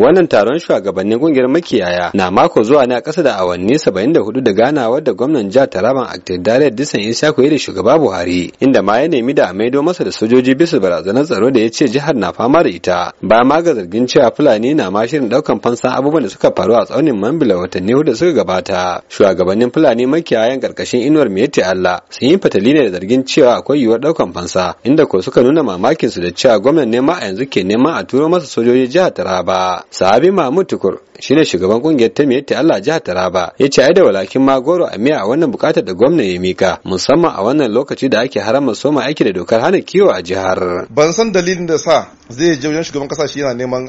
wannan taron shugabannin kungiyar makiyaya na mako zuwa ne a ƙasa da awanni 74 da ganawa da gwamnan jihar Taraban Aktidare Disan Ishaku da shugaba Buhari inda ma ya nemi da a maido masa da sojoji bisa barazanar tsaro da ya ce jihar na fama da ita ba ma ga zargin cewa Fulani na ma shirin daukan fansan abubuwan da suka faru a tsaunin Mambila watanni hudu suka gabata shugabannin Fulani makiyayan karkashin inuwar Miyati Allah sun yi fatali ne da zargin cewa akwai yiwuwar daukan fansa inda ko suka nuna mamakin su da cewa gwamnan nema a yanzu ke neman a turo masa sojoji jihar Taraba sahabi mahmud tukur shine shugaban kungiyar ta miyar Allah jihar Taraba ya ce ai da walakin ma a miya a wannan bukatar da gwamna ya mika musamman a wannan lokaci da ake harama soma aiki da dokar hana kiwo a jihar. Ban san dalilin da sa zai je wajen shugaban kasa shi yana neman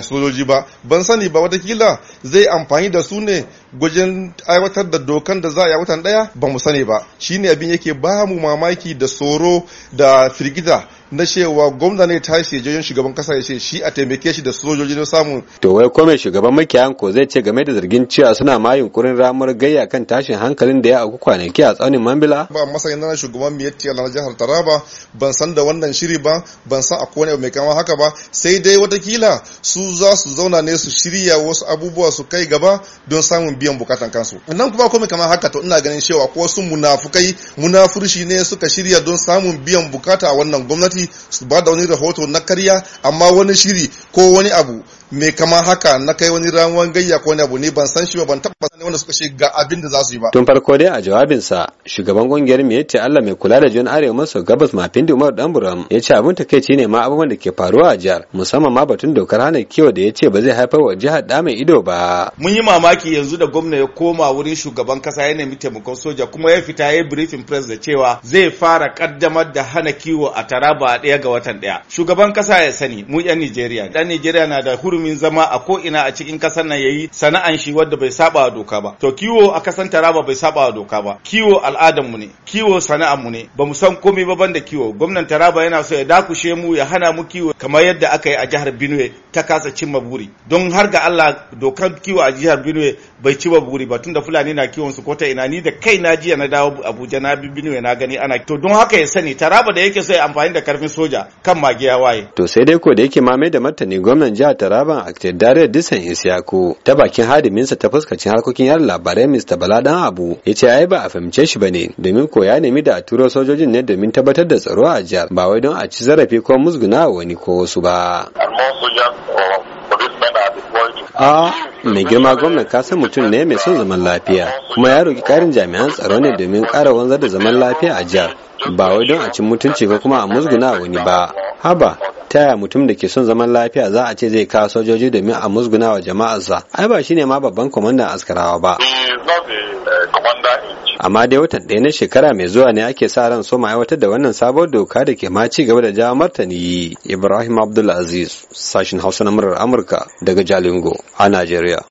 sojoji ba ban sani ba watakila zai amfani da su ne gwajin aiwatar da dokan da za a yi watan daya ba mu sani ba shine abin yake ba mu mamaki da tsoro da firgita na cewa gwamna ne tashi ya shugaban kasa ya ce shi a taimake shi da sojoji na samun. to wai kome shugaban makiyayan ko zai ce game da zargin cewa suna ma yunkurin ramar gayya kan tashin hankalin da ya auku kwanaki a tsaunin mambila ba masanin na shugaban miyatti na jihar taraba ban san da wannan shiri ba ban san a kone mai kama haka ba sai dai watakila su za su zauna ne su shirya wasu abubuwa su kai gaba don samun biyan bukatan kansu nan kuma komai kamar haka to ina ganin cewa ko wasu munafukai munafurshi ne suka shirya don samun biyan bukata a wannan gwamnati su ba da wani rahoto na karya amma wani shiri ko wani abu mai kama haka na kai wani ramuwan gayya ko wani abu ne ban san shi ba ban taba sanin wanda suka ce ga abin da za su yi ba tun farko dai a jawabinsa shugaban kungiyar me yace Allah mai kula da jiyon arewa maso gabas mafindi Umar Danburam ya ce abin ci ne ma abubuwan da ke faruwa a jihar musamman ma batun dokar hana kiwo da ya ce ba zai haifar wa jihar da mai ido ba mun yi mamaki yanzu da gwamna ya koma wurin shugaban kasa ya nemi taimakon soja kuma ya fita ya briefing press da cewa zai fara kaddamar da hana kiwo a Taraba a ɗaya ga watan ɗaya shugaban kasa ya sani mu yan nigeria. dan Nijeriya na da hurumin zama a ko ina a cikin kasar nan yayi sana'an shi wanda bai saba doka ba to kiwo a kasan taraba bai saba doka ba kiwo al'adan mu ne kiwo sana'an mu ne ba mu san komai ba banda kiwo gwamnan taraba yana so ya dakushe mu ya hana mu kiwo kamar yadda aka yi a jihar Benue ta kasa cimma buri don har ga Allah dokar kiwo a jihar Benue bai ci buri ba tunda Fulani na kiwon su kota ina ni da kai na jiya na dawo Abuja na bi Benue na gani ana to don haka ya sani Taraba da yake so ya amfani da karfin soja kan magiya waye to sai dai ko da yake mai da martani gwamnan jihar Taraba a Dare Dis Hassan Isiyako ta bakin hadiminsa ta fuskacin harkokin yar labarai Mr. Bala Dan Abu ya ce ai ba a fahimce shi bane domin ko ya nemi da a turo sojojin ne domin tabbatar da tsaro a jihar ba wai don a ci zarafi ko musguna wani ko wasu ba. A mai girma gwamnan kasan mutum ne mai son zaman lafiya kuma ya roki karin jami'an tsaro ne domin ƙara wanzar da zaman lafiya a jihar ba wai don a ci mutunci ko kuma a musguna wani ba. Haba ta yaya mutum da ke son zaman lafiya za a ce zai kawo sojoji domin a musguna wa jama'arsa ai ba shine ma babban kwamandan askarawa ba eh, eh, eh, amma dai watan ɗaya na shekara mai zuwa ne ake sa ran soma aiwatar da wannan sabon doka da ke ma ci gaba da jawo martani ibrahim abdulaziz sashin hausa na murar amurka daga jalingo a najeriya